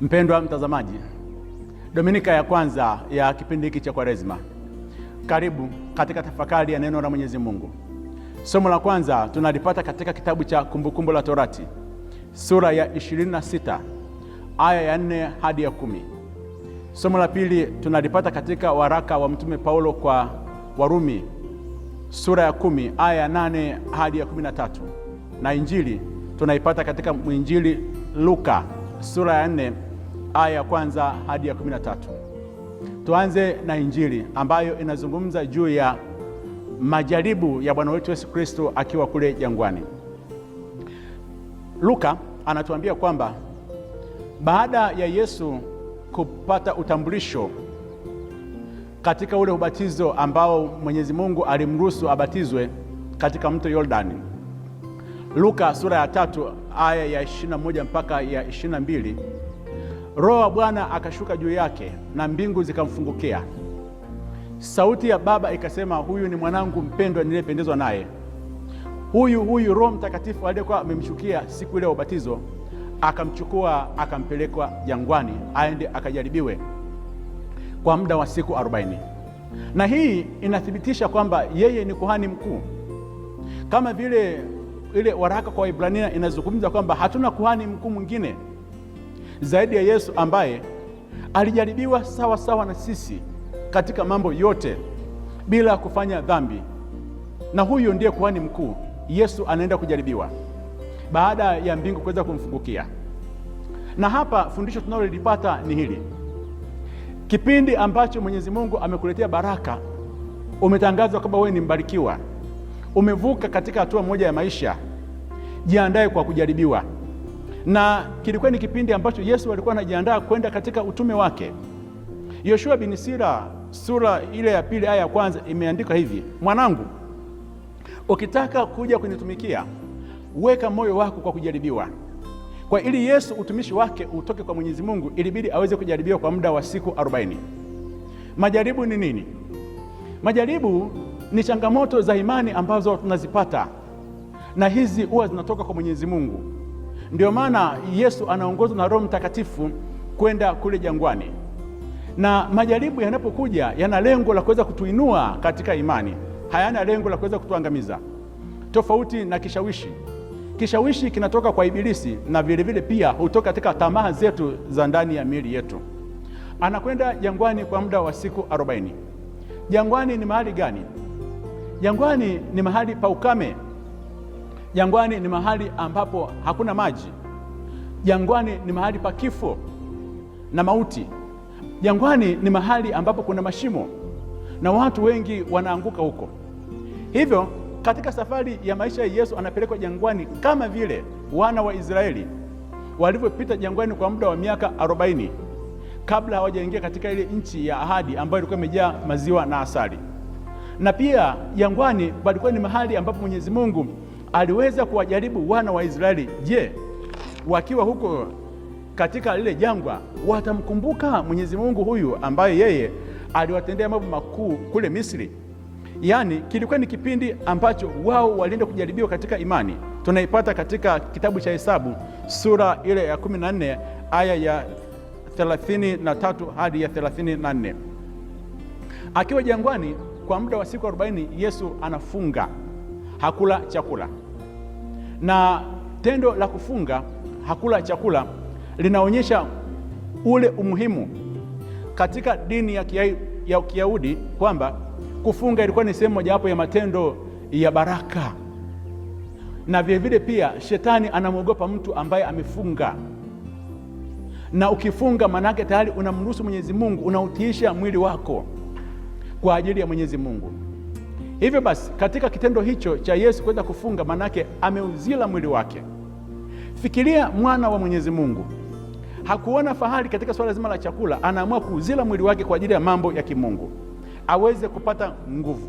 Mpendwa mtazamaji, dominika ya kwanza ya kipindi hiki cha Kwaresma, karibu katika tafakari ya neno la Mwenyezi Mungu. Somo la kwanza tunalipata katika kitabu cha Kumbukumbu la Torati sura ya 26 aya ya 4 hadi ya kumi. Somo la pili tunalipata katika waraka wa Mtume Paulo kwa Warumi sura ya kumi aya ya nane hadi ya tatu na Injili tunaipata katika mwinjili Luka sura ya nne aya ya kwanza hadi ya kumi na tatu. Tuanze na Injili ambayo inazungumza juu ya majaribu ya Bwana wetu Yesu Kristo akiwa kule jangwani. Luka anatuambia kwamba baada ya Yesu kupata utambulisho katika ule ubatizo ambao Mwenyezi Mungu alimruhusu abatizwe katika mto Yordani Luka sura ya tatu aya ya ishirini na moja mpaka ya ishirini na mbili Roho wa Bwana akashuka juu yake na mbingu zikamfungukia, sauti ya Baba ikasema, huyu ni mwanangu mpendwa niliyependezwa naye. Huyu huyu Roho Mtakatifu aliyekuwa amemshukia siku ile ya ubatizo akamchukua akampelekwa jangwani aende akajaribiwe kwa muda wa siku arobaini. Na hii inathibitisha kwamba yeye ni kuhani mkuu kama vile ile waraka kwa Waibrania inazungumza kwamba hatuna kuhani mkuu mwingine zaidi ya Yesu ambaye alijaribiwa sawa sawa na sisi katika mambo yote bila kufanya dhambi, na huyo ndiye kuhani mkuu. Yesu anaenda kujaribiwa baada ya mbingu kuweza kumfungukia. Na hapa fundisho tunalolipata ni hili: kipindi ambacho Mwenyezi Mungu amekuletea baraka, umetangazwa kwamba wewe ni mbarikiwa umevuka katika hatua moja ya maisha, jiandae kwa kujaribiwa. Na kilikuwa ni kipindi ambacho Yesu alikuwa anajiandaa kwenda katika utume wake. Yoshua bin Sira sura ile ya pili aya ya kwanza imeandikwa hivi: mwanangu, ukitaka kuja kunitumikia, weka moyo wako kwa kujaribiwa. Kwa ili Yesu utumishi wake utoke kwa Mwenyezi Mungu, ilibidi aweze kujaribiwa kwa muda wa siku arobaini. Majaribu ni nini? Majaribu ni changamoto za imani ambazo tunazipata, na hizi huwa zinatoka kwa Mwenyezi Mungu. Ndio maana Yesu anaongozwa na Roho Mtakatifu kwenda kule jangwani, na majaribu yanapokuja yana lengo la kuweza kutuinua katika imani, hayana lengo la kuweza kutuangamiza, tofauti na kishawishi. Kishawishi kinatoka kwa Ibilisi na vilevile pia hutoka katika tamaa zetu za ndani ya miili yetu. Anakwenda jangwani kwa muda wa siku arobaini. Jangwani ni mahali gani? Jangwani ni mahali pa ukame. Jangwani ni mahali ambapo hakuna maji. Jangwani ni mahali pa kifo na mauti. Jangwani ni mahali ambapo kuna mashimo na watu wengi wanaanguka huko. Hivyo katika safari ya maisha ya Yesu anapelekwa jangwani kama vile wana wa Israeli walivyopita jangwani kwa muda wa miaka arobaini kabla hawajaingia katika ile nchi ya ahadi ambayo ilikuwa imejaa maziwa na asali na pia jangwani palikuwa ni mahali ambapo Mwenyezi Mungu aliweza kuwajaribu wana wa Israeli. Je, wakiwa huko katika lile jangwa watamkumbuka Mwenyezi Mungu huyu ambaye yeye aliwatendea mambo makuu kule Misri? Yaani kilikuwa ni kipindi ambacho wao walienda kujaribiwa katika imani. Tunaipata katika kitabu cha Hesabu sura ile ya 14 aya ya 33 hadi ya 34. Akiwa jangwani kwa muda wa siku arobaini Yesu anafunga, hakula chakula. Na tendo la kufunga hakula chakula linaonyesha ule umuhimu katika dini ya, kia, ya Kiyahudi kwamba kufunga ilikuwa ni sehemu mojawapo ya matendo ya baraka, na vilevile pia shetani anamwogopa mtu ambaye amefunga na ukifunga maanake tayari unamruhusu Mwenyezi Mungu, unautiisha mwili wako kwa ajili ya Mwenyezi Mungu. Hivyo basi katika kitendo hicho cha Yesu kwenda kufunga, manake ameuzila mwili wake. Fikiria mwana wa Mwenyezi Mungu hakuona fahari katika swala zima la chakula, anaamua kuuzila mwili wake kwa ajili ya mambo ya kimungu aweze kupata nguvu,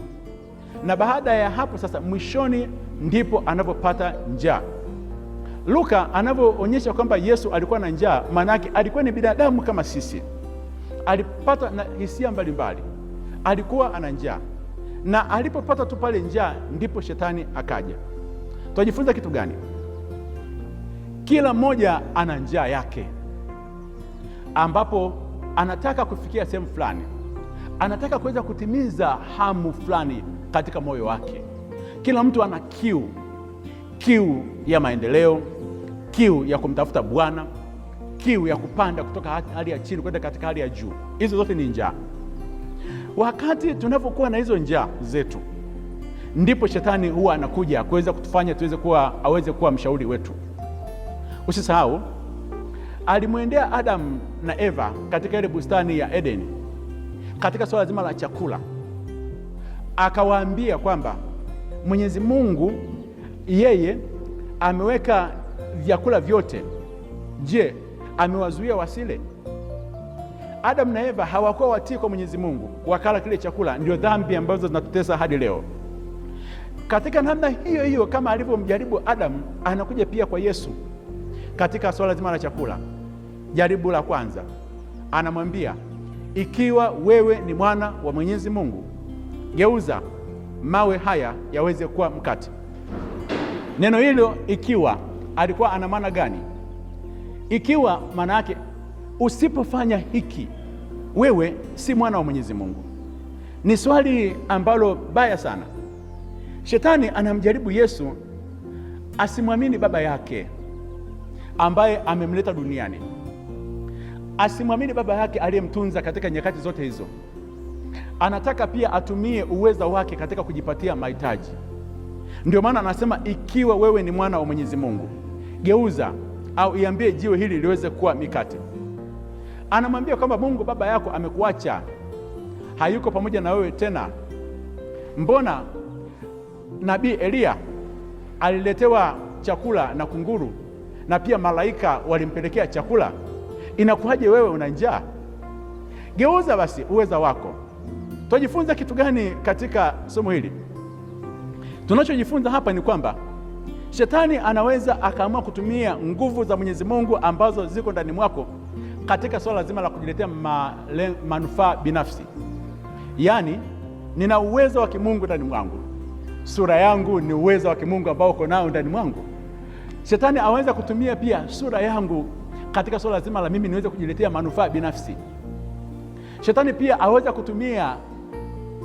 na baada ya hapo sasa, mwishoni ndipo anapopata njaa. Luka anavyoonyesha kwamba Yesu alikuwa na njaa, manake alikuwa ni binadamu kama sisi, alipata na hisia mbalimbali mbali alikuwa ana njaa, na alipopata tu pale njaa ndipo shetani akaja. Tunajifunza kitu gani? Kila mmoja ana njaa yake, ambapo anataka kufikia sehemu fulani, anataka kuweza kutimiza hamu fulani katika moyo wake. Kila mtu ana kiu, kiu ya maendeleo, kiu ya kumtafuta Bwana, kiu ya kupanda kutoka hali ya chini kwenda katika hali ya juu. Hizo zote ni njaa. Wakati tunapokuwa na hizo njaa zetu, ndipo shetani huwa anakuja kuweza kutufanya tuweze kuwa, aweze kuwa mshauri wetu. Usisahau alimwendea Adamu na Eva katika ile bustani ya Edeni katika swala zima la chakula, akawaambia kwamba Mwenyezi Mungu yeye ameweka vyakula vyote. Je, amewazuia wasile? Adamu na Eva hawakuwa watii kwa Mwenyezi Mungu, wakala kile chakula. Ndio dhambi ambazo zinatutesa hadi leo. Katika namna hiyo hiyo, kama alivyomjaribu Adamu, anakuja pia kwa Yesu katika swala zima la chakula. Jaribu la kwanza, anamwambia ikiwa wewe ni mwana wa Mwenyezi Mungu, geuza mawe haya yaweze kuwa mkate. Neno hilo ikiwa alikuwa ana maana gani? Ikiwa maana yake Usipofanya hiki, wewe si mwana wa Mwenyezi Mungu. Ni swali ambalo baya sana. Shetani anamjaribu Yesu asimwamini baba yake ambaye amemleta duniani, asimwamini baba yake aliyemtunza katika nyakati zote hizo. Anataka pia atumie uweza wake katika kujipatia mahitaji. Ndio maana anasema ikiwa wewe ni mwana wa Mwenyezi Mungu, geuza au iambie jiwe hili liweze kuwa mikate anamwambia kwamba Mungu baba yako amekuacha, hayuko pamoja na wewe tena. Mbona nabii Eliya aliletewa chakula na kunguru na pia malaika walimpelekea chakula, inakuwaje wewe una njaa? Geuza basi uweza wako. Tunajifunza kitu gani katika somo hili? Tunachojifunza hapa ni kwamba shetani anaweza akaamua kutumia nguvu za Mwenyezi Mungu ambazo ziko ndani mwako katika swala zima la kujiletea manufaa binafsi, yaani nina uwezo wa kimungu ndani mwangu. Sura yangu ni uwezo wa kimungu ambao uko nao ndani mwangu. Shetani aweza kutumia pia sura yangu katika swala zima la mimi niweze kujiletea manufaa binafsi. Shetani pia aweza kutumia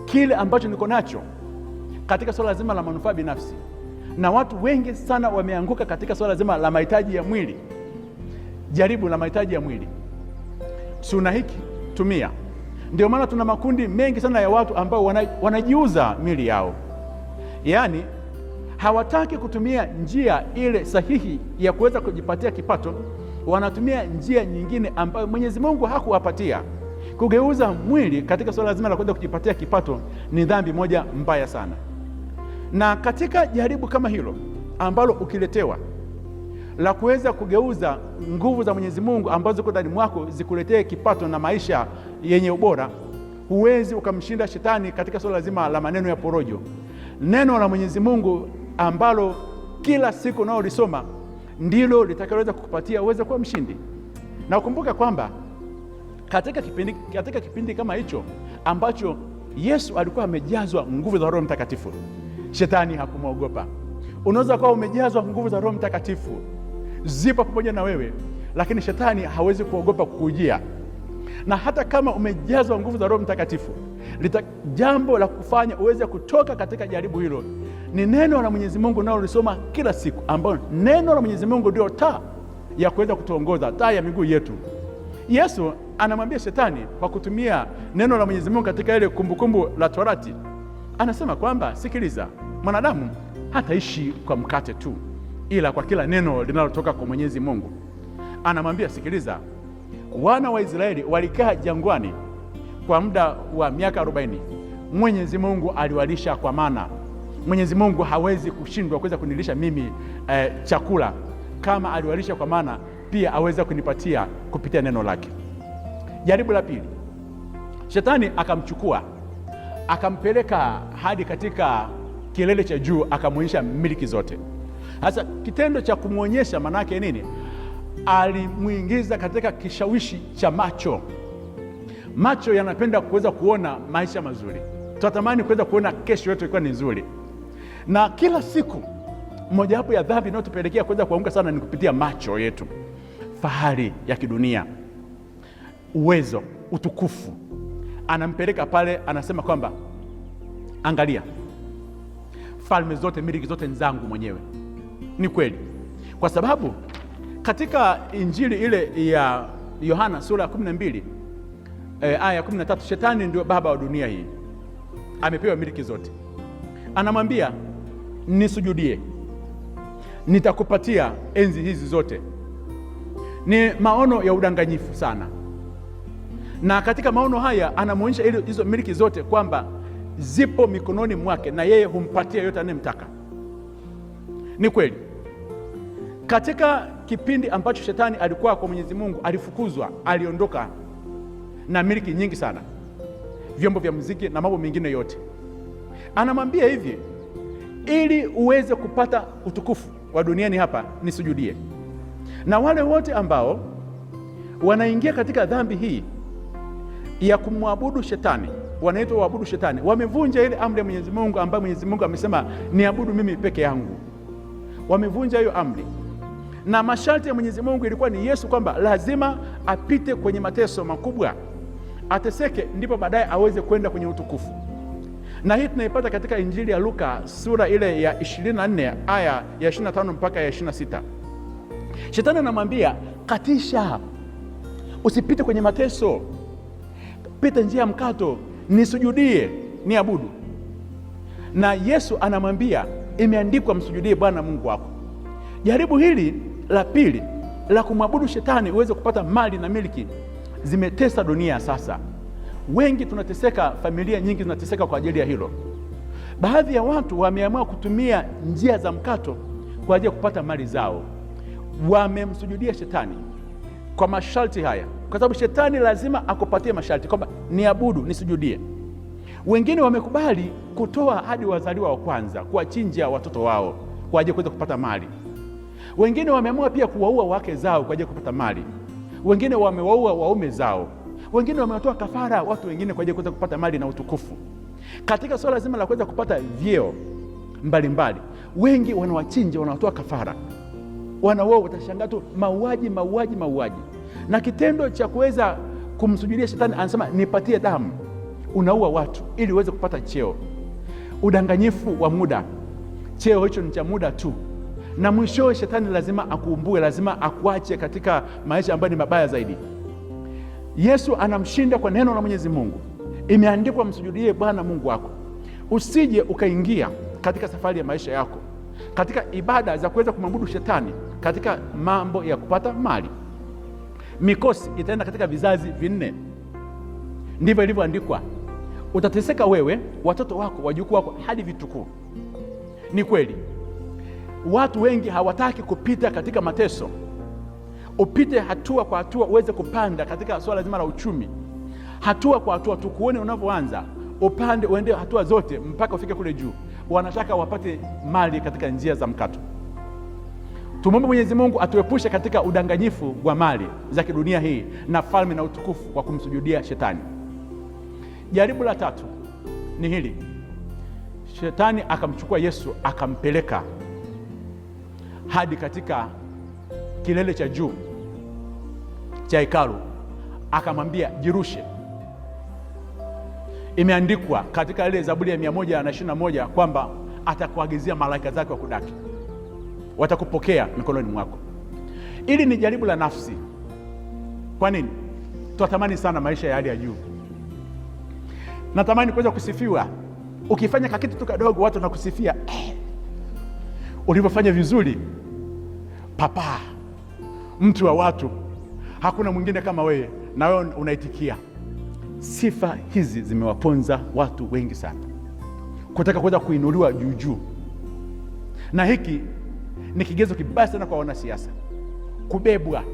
kile ambacho niko nacho katika swala zima la manufaa binafsi, na watu wengi sana wameanguka katika swala zima la mahitaji ya mwili, jaribu la mahitaji ya mwili si una hiki tumia. Ndio maana tuna makundi mengi sana ya watu ambao wanajiuza mili yao, yaani hawataki kutumia njia ile sahihi ya kuweza kujipatia kipato, wanatumia njia nyingine ambayo Mwenyezi Mungu hakuwapatia. Kugeuza mwili katika suala zima la kuweza kujipatia kipato ni dhambi moja mbaya sana, na katika jaribu kama hilo ambalo ukiletewa la kuweza kugeuza nguvu za Mwenyezi Mungu ambazo ziko ndani mwako zikuletee kipato na maisha yenye ubora. Huwezi ukamshinda shetani katika suala zima la maneno ya porojo. Neno la Mwenyezi Mungu ambalo kila siku unaolisoma ndilo litakaloweza kukupatia uweze kuwa mshindi, na ukumbuka kwamba katika kipindi, katika kipindi kama hicho ambacho Yesu alikuwa amejazwa nguvu za Roho Mtakatifu, shetani hakumwogopa. Unaweza kuwa umejazwa nguvu za Roho Mtakatifu zipo pamoja na wewe, lakini shetani hawezi kuogopa kukujia. Na hata kama umejazwa nguvu za Roho Mtakatifu, jambo la kufanya uweze kutoka katika jaribu hilo ni neno la Mwenyezi Mungu nalolisoma kila siku, ambayo neno la Mwenyezi Mungu ndio taa ya kuweza kutuongoza, taa ya miguu yetu. Yesu anamwambia shetani kwa kutumia neno la Mwenyezi Mungu katika ile kumbukumbu la Torati, anasema kwamba sikiliza, mwanadamu hataishi kwa mkate tu ila kwa kila neno linalotoka kwa Mwenyezi Mungu. Anamwambia, sikiliza, wana wa Israeli walikaa jangwani kwa muda wa miaka arobaini. Mwenyezi Mungu aliwalisha kwa mana. Mwenyezi Mungu hawezi kushindwa kuweza kunilisha mimi eh, chakula kama aliwalisha kwa mana, pia aweza kunipatia kupitia neno lake. Jaribu la pili, shetani akamchukua akampeleka hadi katika kilele cha juu, akamwonyesha miliki zote sasa kitendo cha kumwonyesha yake nini? Alimwingiza katika kishawishi cha macho. Macho yanapenda kuweza kuona maisha mazuri, tunatamani kuweza kuona kesho yetu ikiwa ni nzuri, na kila siku mojawapo ya dhambi inayotupelekea kuweza kuanguka sana ni kupitia macho yetu, fahari ya kidunia, uwezo, utukufu. Anampeleka pale, anasema kwamba angalia, falme zote, miliki zote nzangu mwenyewe ni kweli, kwa sababu katika injili ile ya Yohana sura ya 12 e, eh, aya ya 13, shetani ndio baba wa dunia hii, amepewa miliki zote. Anamwambia, nisujudie, nitakupatia enzi hizi zote. Ni maono ya udanganyifu sana, na katika maono haya anamwonyesha hizo miliki zote kwamba zipo mikononi mwake na yeye humpatia yote anayemtaka. Ni kweli katika kipindi ambacho shetani alikuwa kwa Mwenyezi Mungu, alifukuzwa, aliondoka na miliki nyingi sana, vyombo vya muziki na mambo mengine yote. Anamwambia hivi, ili uweze kupata utukufu wa duniani hapa, nisujudie. Na wale wote ambao wanaingia katika dhambi hii ya kumwabudu shetani wanaitwa waabudu shetani, wamevunja ile amri ya Mwenyezi Mungu ambayo Mwenyezi Mungu amesema niabudu mimi peke yangu. Wamevunja hiyo amri na masharti ya Mwenyezi Mungu ilikuwa ni Yesu kwamba lazima apite kwenye mateso makubwa, ateseke, ndipo baadaye aweze kwenda kwenye utukufu. Na hii tunaipata katika Injili ya Luka sura ile ya 24 aya ya 25 mpaka ya 26. Shetani anamwambia katisha, usipite kwenye mateso, pita njia ya mkato, nisujudie, niabudu. Na Yesu anamwambia imeandikwa, msujudie Bwana Mungu wako. Jaribu hili la pili la kumwabudu shetani uweze kupata mali na miliki zimetesa dunia sasa. Wengi tunateseka, familia nyingi zinateseka kwa ajili ya hilo. Baadhi ya watu wameamua kutumia njia za mkato kwa ajili ya kupata mali zao, wamemsujudia shetani kwa masharti haya, kwa sababu shetani lazima akupatie masharti kwamba niabudu, nisujudie. Wengine wamekubali kutoa hadi wazaliwa wa kwanza kuwachinja watoto wao kwa ajili ya kuweza kupata mali. Wengine wameamua pia kuwaua wake zao kwa ajili ya kupata mali, wengine wamewaua waume zao, wengine wamewatoa kafara watu wengine kwa ajili ya kuweza kupata mali na utukufu. Katika swala zima la kuweza kupata vyeo mbalimbali, wengi wanawachinja, wanawatoa kafara, wanawao. Utashangaa tu mauaji, mauaji, mauaji, na kitendo cha kuweza kumsujudia Shetani, anasema nipatie damu. Unaua watu ili uweze kupata cheo. Udanganyifu wa muda, cheo hicho ni cha muda tu na mwishowe shetani lazima akuumbue, lazima akuache katika maisha ambayo ni mabaya zaidi. Yesu anamshinda kwa neno la Mwenyezi Mungu, imeandikwa, msujudie Bwana Mungu wako. Usije ukaingia katika safari ya maisha yako katika ibada za kuweza kumwabudu shetani katika mambo ya kupata mali. Mikosi itaenda katika vizazi vinne, ndivyo ilivyoandikwa. Utateseka wewe, watoto wako, wajukuu wako, hadi vitukuu. Ni kweli. Watu wengi hawataki kupita katika mateso, upite hatua kwa hatua uweze kupanda katika swala zima la uchumi, hatua kwa hatua, tukuone unavyoanza, upande uende hatua zote mpaka ufike kule juu. Wanataka wapate mali katika njia za mkato. Tumwombe Mwenyezi Mungu atuepushe katika udanganyifu wa mali za kidunia hii na falme na utukufu wa kumsujudia Shetani. Jaribu la tatu ni hili: Shetani akamchukua Yesu akampeleka hadi katika kilele cha juu cha hekalu, akamwambia jirushe. Imeandikwa katika ile Zaburi ya moja kwamba atakuagizia malaika zake wakudaki, watakupokea mikononi mwako. Ili ni jaribu la nafsi. Kwa nini tunatamani sana maisha ya hali ya juu? Natamani kuweza kusifiwa. Ukifanya kakitu tu kadogo, watu wanakusifia eh ulivyofanya vizuri papa, mtu wa watu, hakuna mwingine kama wewe, na wewe unaitikia. Sifa hizi zimewaponza watu wengi sana, kutaka kuweza kuinuliwa juu juu, na hiki ni kigezo kibaya sana kwa wanasiasa. Kubebwa,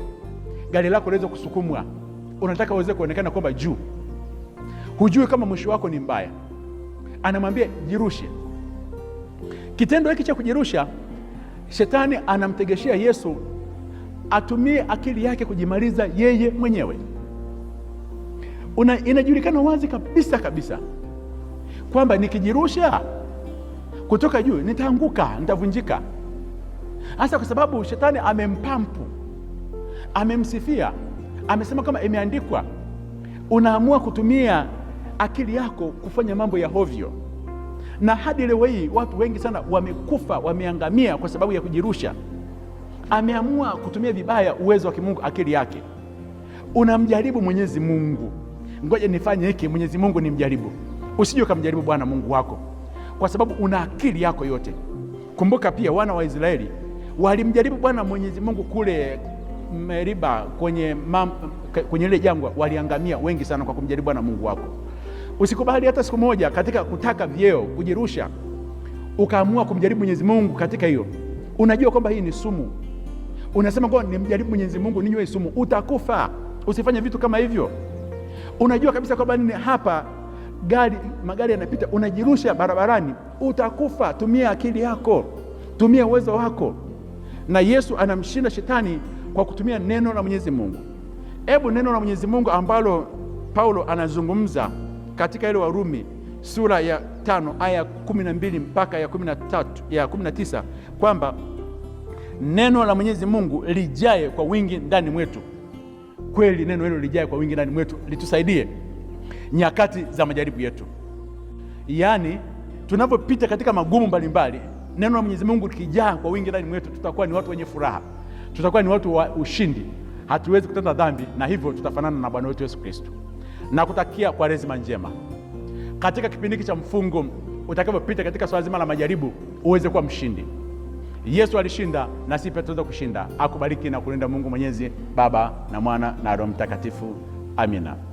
gari lako liweze kusukumwa, unataka uweze kuonekana kwamba juu. Hujui kama mwisho wako ni mbaya. Anamwambia jirushe. Kitendo hiki cha kujirusha Shetani anamtegeshea Yesu atumie akili yake kujimaliza yeye mwenyewe. Una, inajulikana wazi kabisa kabisa kwamba nikijirusha kutoka juu nitaanguka, nitavunjika, hasa kwa sababu shetani amempampu, amemsifia, amesema kama imeandikwa. Unaamua kutumia akili yako kufanya mambo ya hovyo na hadi leo hii watu wengi sana wamekufa, wameangamia kwa sababu ya kujirusha. Ameamua kutumia vibaya uwezo wa kimungu, akili yake. Unamjaribu Mwenyezi Mungu, ngoja nifanye hiki, Mwenyezi Mungu mjaribu Usije ukamjaribu Bwana Mungu wako kwa sababu una akili yako yote. Kumbuka pia wana wa Israeli walimjaribu Bwana Mwenyezi Mungu kule Meriba kwenye mam, kwenye ile jangwa, waliangamia wengi sana kwa kumjaribu Bwana Mungu wako. Usikubali hata siku moja katika kutaka vyeo kujirusha, ukaamua kumjaribu Mwenyezi Mungu katika hiyo. Unajua kwamba hii ni sumu, unasema kwamba nimjaribu Mwenyezi Mungu ninywe sumu, utakufa. Usifanye vitu kama hivyo. Unajua kabisa kwamba nini hapa gari, magari yanapita, unajirusha barabarani, utakufa. Tumia akili yako, tumia uwezo wako. Na Yesu anamshinda shetani kwa kutumia neno la Mwenyezi Mungu. Hebu neno la Mwenyezi Mungu ambalo Paulo anazungumza katika ile Warumi sura ya tano aya ya kumi na mbili mpaka ya kumi na tatu ya kumi na tisa kwamba neno la Mwenyezi Mungu lijae kwa wingi ndani mwetu. Kweli neno hilo lijae kwa wingi ndani mwetu litusaidie nyakati za majaribu yetu, yaani tunapopita katika magumu mbalimbali mbali, neno la Mwenyezi Mungu likijaa kwa wingi ndani mwetu, tutakuwa ni watu wenye furaha, tutakuwa ni watu wa ushindi, hatuwezi kutenda dhambi, na hivyo tutafanana na Bwana wetu Yesu Kristo na kutakia Kwaresima njema. Katika kipindi cha mfungo utakavyopita katika swala zima la majaribu, uweze kuwa mshindi. Yesu alishinda, na sisi pia kushinda. Akubariki na kulinda Mungu Mwenyezi, Baba na Mwana na Roho Mtakatifu. Amina.